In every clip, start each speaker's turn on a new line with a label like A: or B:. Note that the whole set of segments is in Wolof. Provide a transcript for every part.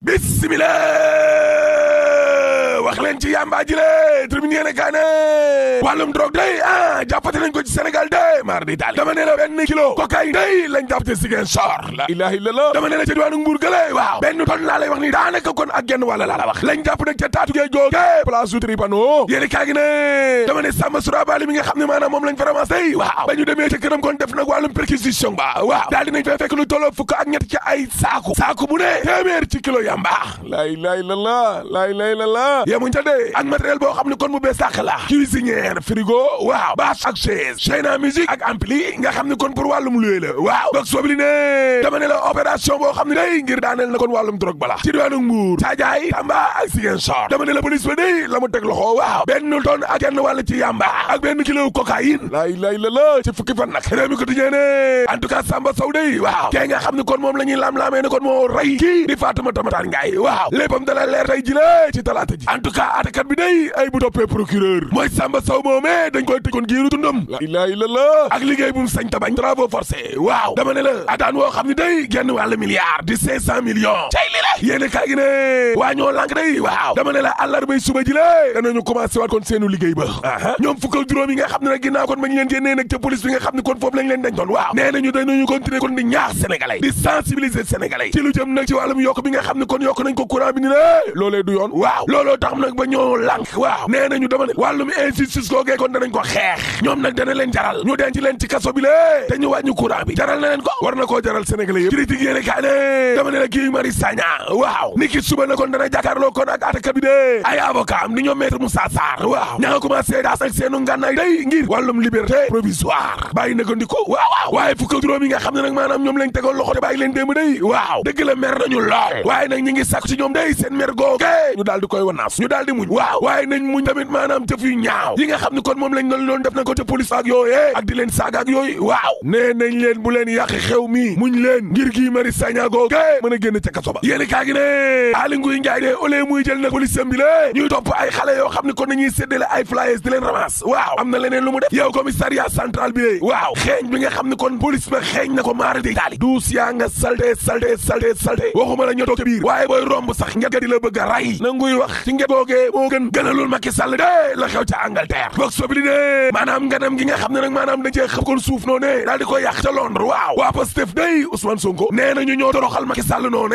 A: bismillah leen ci yàmbaa ji le tribune yéen a kaa ne wàllum drogue day ah jàppate nañ ko ci Sénégal de maar di taal dama ne la benn kilo cocaïne day lañ jàppate Ziguinchor la ilaha illallah dama ne la ca Mbuur gële waaw benn tonne laa wax ni daanaka kon ak genn wàlla laa wax lañ jàpp nag a kon def nag wàllum perquisition ba waaw daal dinañ fekk lu tolloo fukk ak ñett ci ay saaku saaku bu ne téeméer ci kilo yàmbaa la ilaha illallah la ilaha illallah te ak matériel boo xam ne kon mu bee sàq la cuisinière frigo waaw bâche ak chaise chaîne musique ak ampli nga xam ne kon pour wàllum luye la waaw dog sobli ne dama la opération boo xam ne day ngir daaneel na kon wàllum drogue bala ci diwaanu Mbuur Sadiaye Tamba ak Ziguinchor dama ne la police ba day la mu teg loxo waaw benn tonne ak genn wàll ci yamba ak benn kilo cocaïne laay laay la la ci fukki fan nag réew mi ko tijjee ne en Samba Sow day atekat bi day ay bu toppee procureur mooy Samba Sow moomee dañ koy tëjoon giiru dundam la ilaha illallah ak liggéey bu mu sañ tabañ travaux forcés waaw dama la adaan woo xam ne day genn wàll milliard di cinq cent millions yéene kaa gi ne waa ñoo lànk day waaw dama la àllarbay suba ji la danañu commencé waat kon seenu liggéey ba aha ñoom fukk ak juróom yi nga xam ne nag ginnaaw kon ba ñu leen génnee nag ca police bi nga xam ne kon foofu lañ leen dañ doon waaw nee nañu dañu continuer kon di ñaax sénégalais di sensibiliser sénégalais ci lu jëm nag ci wàllum yokk bi nga xam ne kon yokk nañ ko courant bi ni la loolee du yoon waaw looloo tax nag ba ñoo lànk waaw nee nañu dama kon danañ ko xeex ñoom nag dana leen jaral leen ci kaso bi la te ñu wàññu ko war na koo jaral sénégalais yëpp critique yéene kaa waaw ni ki suba na kon dana jàkkaarloo kon ak attaque bi dee ay avocat am ni ñoom maître Moussa Sarr waaw ña nga commencé daas ak seenu ngànnaay day ngir wàllum liberté provisoire bàyyi na ko ndiko waaw waaye fukk juróom yi nga xam ne nag maanaam ñoom lañ tegoon loxo te bàyyi leen démb day waaw dëgg la mer nañu lool waaye nag ngi sàkku ci ñoom day seen mer googe ñu daal di koy wanaas ñu daal di muñ waaw waaye nañ muñ tamit maanaam jëf yu ñaaw yi nga xam kon moom lañ loon def na ko ca police ak yooyee ak yooyu waaw nee nañ leen bu leen yàq xew mi muñ leen ngir gii mari sagna googe a génn ca kaa gi ne Aly Ngouille Ndiaye de au muy jël nag police sam bi la ñuy topp ay xale yoo xam ne kon nañuy séddale ay flyers di leen ramas waaw am na leneen lu mu def yow commissariat central bi lay waaw xeeñ bi nga xam ne kon police ba xeeñ na ko maara de daali duus yaa nga salte salte salte salte waxuma la ñoo toog ca biir waaye booy romb sax nget ga la bëgg a ray na nguy wax ci nget googee moo gën gënalul Macky Sall de la xew ca Angleterre boog sobli ne maanaam gi nga xam ne nag maanaam dañ cee xam kon suuf noo ne daal di ko yàq ca Londres waaw waa Pastef day Ousmane Sonko noo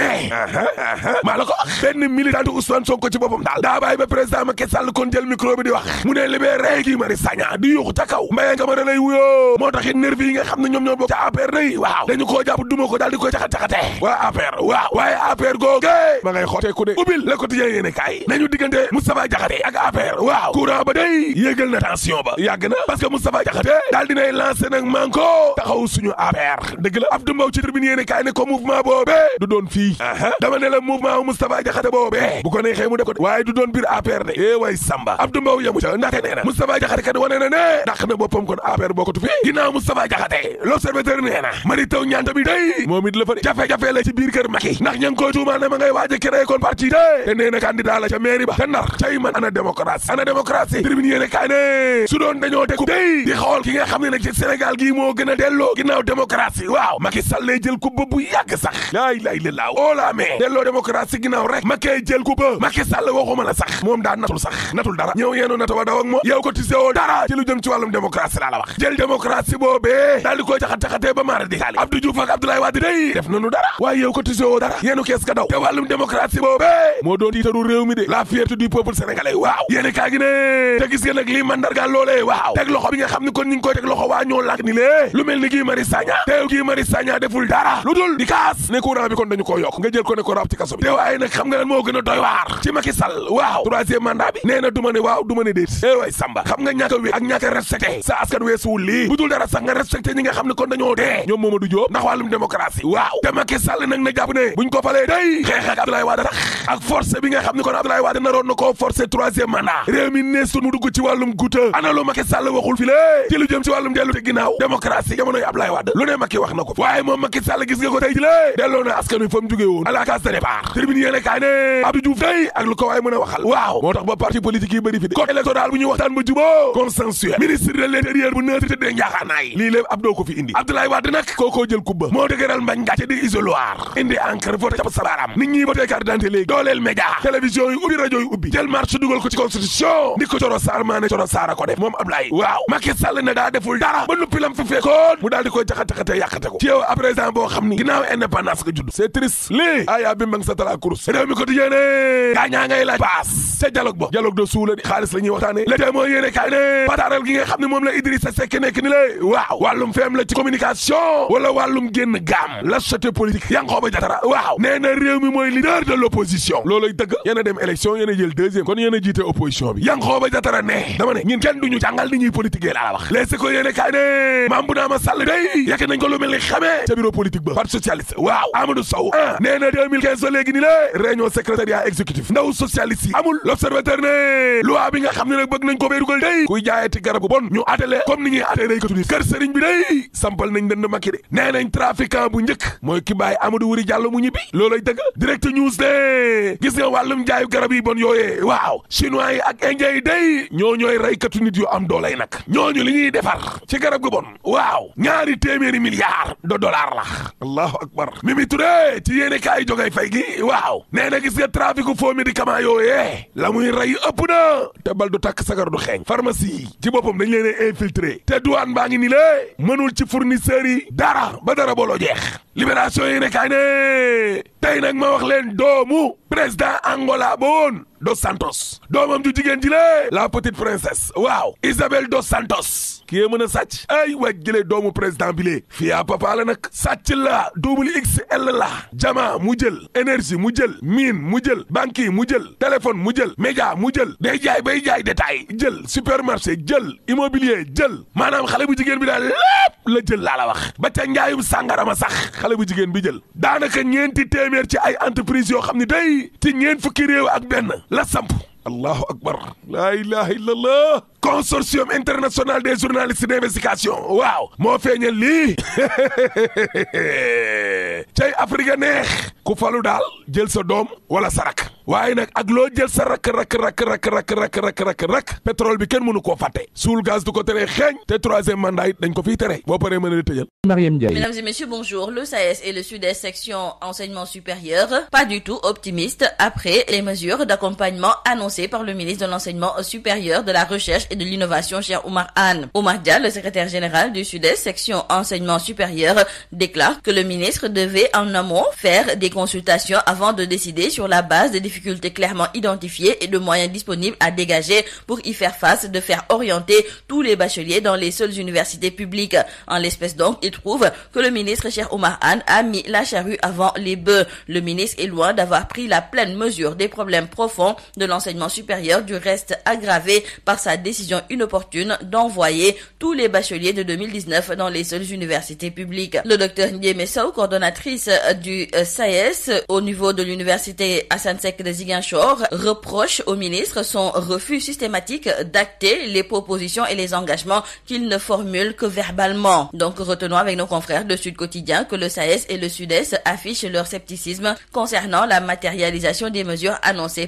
A: maa la ko wax benn militant Ousmane Sonko ci boppam daal daa bàyyi ba président Macky Sall kon jël micro di wax mu ne libéré Guy Marius Sagna di yuxu ca kaw Mbaye lay wuyoo moo tax nervi yi xam ne ñoom ñoo bokk ca APR day waaw dañu koo jàpp duma ko daal di koy caxat-caxatee waa APR waaw waaye APR googe ma ngay xooteeku de ubbil Le Quotidien yéene kaay nañu diggante Moustapha Diakhaté ak APR waaw courant ba day yéegal na tension ba yàgg na parce que dama ne la mouvement wu Moustapha Diakhaté boobee bu ko neexee mu def ko waaye du doon biir APR de ee eh way Samba Abdou Mbow yamu ca bi a créé kon na candidat la ca mairie ba ca Ndar cay man ana démocratie ana démocratie tribune yéene kaay ne su doon di xool ki nga xam ne nag ci Sénégal moo gën a delloo ginnaaw démocratie waaw Macky Sall lay jël bu yàgg sax laay laay oh la laaw oo laa mais delloo jël ku ba Macky Sall waxuma la sax moom daa natul sax natul dara ñëw yeenu nata wa daw ak moom yow ko ti dara ci jëm ci wàllum démocratie laa la wax jël démocratie boobee daal di koy jaxat-jaxatee ba maara di taali Abdou Diouf ak Abdoulaye Wade def nanu dara waaye yow ko ti dara yeenu kees ka daw te wàllum démocratie boobee moo doon tiitaru réew de la fierté du peuple sénégalais waaw yéeni kaa ne te gis ngeen nag lii mandargaal ko ci kaso bi te waaye nag xam nga lan moo gën a doy waar ci Macky Sall waaw troisième mandat bi nee na ne waaw du ne déet eh way Samba xam nga ñàkk a wéy ak ñàkk a respecté sa askan weesuwul lii bu dul dara sax nga respecté ñi nga xam ne kon dañoo dee ñoom Mamadou Diop ndax wàllum démocratie waaw te Macky Sall nag na jàpp ne buñ ko falee day xeex ak Abdoulaye Wade tax ak forcé bi nga xam ne kon Abdoulaye Wade na koo na ko waaye moom de départ tribune yéen kaay ne Abdou ak lu ko waay mën a waxal waaw moo tax ba parti politique yi fi de code électoral bu ñuy waxtaan ba juboo consensuel ministre de intérieur bu neutre tëddee njaaxaanaay lii lépp Abdou ko fi indi Abdoulaye Wade nag kookoo jël kubba moo dëgëral mbañ ngàcce di isoloir indi encre voté jàpp sabaaram nit ñi ba tey carte d'identité léegi dooleel média télévision yu ubbi rajo yu ubbi jël marche dugal ko constitution ndi ko bi mang sa tala kurus réew mi quotidien ne gaa ñaa ngay laaj paas ca dialogue ba dialogue de suula di xaalis la waxtaane le témoin yéene kaay ne gi nga xam ne moom la Idrissa Seck nekk ni lay waaw wàllum feem la ci communication wala wàllum génn gaam la société politique ya xooba jatara waaw nee na réew mi mooy leader de l' opposition looloy dëgg yéen a dem élection yéen a jël deuxième kon yéen a jiite opposition bi ya nga xooba jatara quinze ba léegi ni la réunion secrétariat ndaw socialiste amul l'observateur ne loi nga xam ne nag bëgg nañ ko bay dugal day kuy jaayati garab gu bon ñu attelé comme ni ñuy attelé day katuni kër sëriñ bi day sampal nañ dënd makki de nee nañ trafiquant bu njëkk mooy ki bàyyi Amadou Wuri Diallo mu ñibbi loolay dëgg direct news de gis nga wàllum jaayu garab yi bon yooyee waaw chinois yi ak indien yi day ñoo ñooy reykatu nit yu am doolay nag ñooñu li ñuy defar ci garab gu bon waaw ñaari téeméeri milliards de dollars la allahu akbar Mimi Touré fay gi waaw nee na gis nga traficu faux médicament yooyee la muy rey ëpp na te bal du takk sagar du xeeñ pharmacie yi ci boppam dañ leen a infiltré te douane baa ngi ni la mënul ci fournisseurs yi dara ba dara booloo jeex libération yi nekkaay ne tey nag ma wax leen doomu président Angola ba woon dos Santos doomam ju jigéen ji lée la petite princesse waaw Isabel dos Santos ki mën a sàcc ay waaj jëlee doomu président bi lee fiyaa papa la nag sàcc la double XL la jama mu jël énergie mu jël mine mu jël banque yi mu jël téléphone mu jël média mu jël day jaay bay jaay détail jël supermarché jël immobilier jël maanaam xale bu jigéen bi daal lépp la jël laa la wax ba ca njaayum ma sax xale bu jigéen bi jël daanaka ñeenti téeméer ci ay entreprise yoo xam ne day ci ñeent fukki réew ak benn la samp allahu akbar laa ilaha illallah consortium international des journalistes d'investigation waaw moo feeñal lii cay Afrique neex ku falu daal jël sa doom wala sa rak nag ak loo jël sa rak rak rak rak rak rak rak rak rak pétrole bi kenn mënu koo fàtte suul gaz du ko tere xeeñ te troisième mandat dañ ko fiy tere boo paree mën a tëjal Mariam Ndiaye Mesdames
B: et messieurs, bonjour. Le SAES et le Sud-Est section enseignement supérieur, pas du tout optimiste après les mesures d'accompagnement annoncées par le ministre de l'enseignement supérieur et de l'innovation, cher Omar Anne. Omar section enseignement supérieur, déclare que le ministre devait en amont faire des consultations avant de décider sur la base des difficultés clairement identifiées et de moyens disponibles à dégager pour y faire face, de faire orienter tous les bacheliers dans les seules universités publiques. En l'espèce donc, il trouve que le ministre, cher Omar Anne, a mis la charrue avant les bœufs. Le ministre est loin d'avoir pris la pleine mesure des problèmes décision inopportune d'envoyer tous les bacheliers de 2019 dans les seules universités publiques. Le docteur Ndiémé Sow, coordonnatrice du SAES euh, e au niveau de l'université Hassan Sek de Ziguinchor, reproche au ministre son refus systématique d'acter les propositions et les engagements qu'il ne formule que verbalement. Donc retenons avec nos confrères de Sud Quotidien que le SAES e et le Sud-Est affichent leur scepticisme concernant la matérialisation des mesures annoncées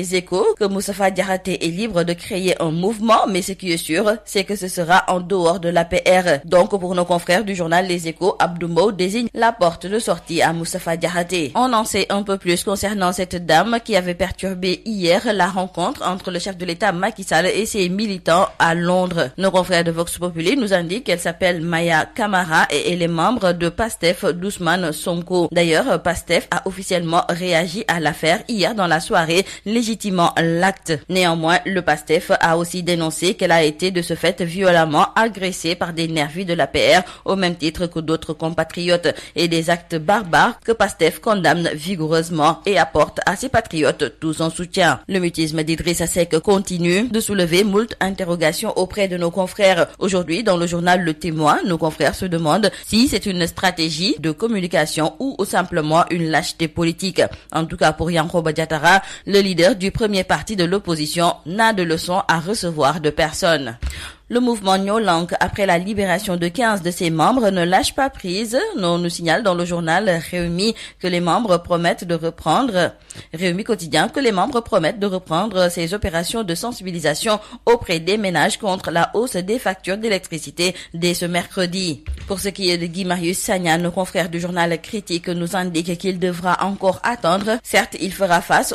B: les échos que Moustapha Diakhaté est libre de créer un mouvement, mais ce qui est sûr, c'est que ce sera en dehors de l'APR. Donc, pour nos confrères du journal Les Échos, Abdou désigne la porte de sortie à Moustapha Diakhaté. On en sait un peu plus concernant cette dame qui avait perturbé hier la rencontre entre le chef de l'État Macky et ses militants à Londres. Nos confrères de Vox Populi nous indiquent qu'elle s'appelle Maya Kamara et est membre de a légitimant l'acte. Néanmoins, le PASTEF a aussi dénoncé qu'elle a été de ce fait violemment agressée par des nervis de la PR au même titre que d'autres compatriotes et des actes barbares que PASTEF condamne vigoureusement et apporte à ses patriotes tout son soutien. Le mutisme d'Idrissa Seck continue de soulever moult interrogations auprès de nos confrères. Aujourd'hui, dans le journal Le Témoin, nos confrères se demandent si c'est une stratégie de communication leader du premier parti de l'opposition n'a de leçons à recevoir de personne. Le mouvement Langue, après la libération de 15 de ses membres, ne lâche pas prise. On nous signale dans le journal Réumi que les membres promettent de reprendre, Réumi quotidien, que les membres promettent de reprendre ces opérations de sensibilisation auprès des ménages contre la hausse des factures d'électricité dès ce mercredi. Pour ce qui est de Guy Marius Sagnan, nos confrères du journal Critique nous indique qu'il devra encore attendre.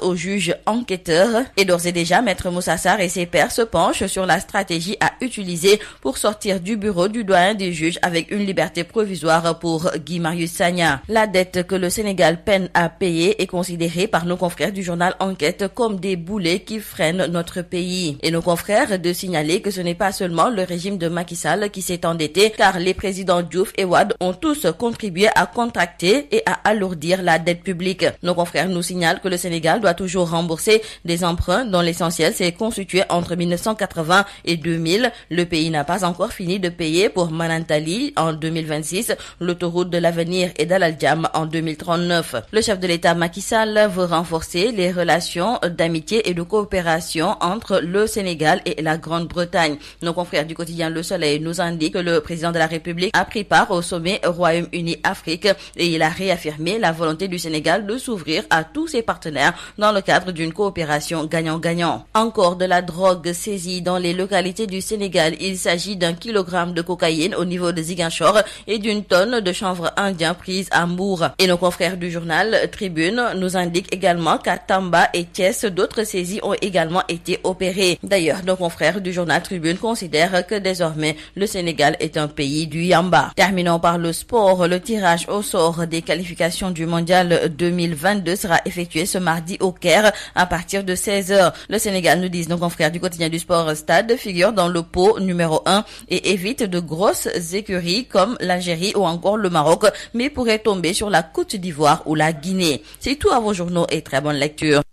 B: au juge enquêteur et d'ores et déjà, Maître Moussassar et ses pairs se penchent sur la stratégie à pour sortir du bureau du doyen des juges avec une liberté provisoire pour Guy Marius Sagna. La dette que le Sénégal peine à payer est considérée par nos confrères du journal Enquête comme des boulets qui freinent notre pays. Et nos confrères de signaler que ce n'est pas seulement le régime de Macky qui s'est endetté, car les présidents Diouf et ont tous contribué à contracter et à alourdir la dette publique. Nos confrères nous signalent que le Sénégal doit toujours rembourser des emprunts dont l'essentiel s'est constitué entre Le pays n'a pas encore fini de payer pour Manantali en 2026, l'autoroute de l'avenir et Dalal en Le chef de l'État Macky veut renforcer les relations d'amitié et de coopération entre le Sénégal et la Grande-Bretagne. Nos confrères du quotidien Le Soleil nous indiquent que le président de la République a pris part au sommet Royaume-Uni-Afrique et il a réaffirmé la volonté du Sénégal de s'ouvrir à tous ses partenaires dans le cadre d'une coopération Sénégal. Il s'agit d'un kilogramme de cocaïne au niveau de Ziguinchor et d'une tonne de chanvre indien prise à Mbour. Et nos confrères du journal Tribune nous indiquent également qu'à Tamba et Thiès, d'autres saisies ont également été opérées. D'ailleurs, nos confrères du journal Tribune considèrent que désormais le Sénégal est un pays du yamba. Terminons par le sport. Le tirage au sort des qualifications du mondial sera effectué ce mardi au Caire à partir de 16 heures. Le Sénégal, nous niveau numéro 1 et évite de grosses écuries comme l'Algérie ou encore le Maroc, mais pourrait tomber sur la Côte d'Ivoire ou la Guinée. C'est tout à vos journaux et très bonne lecture.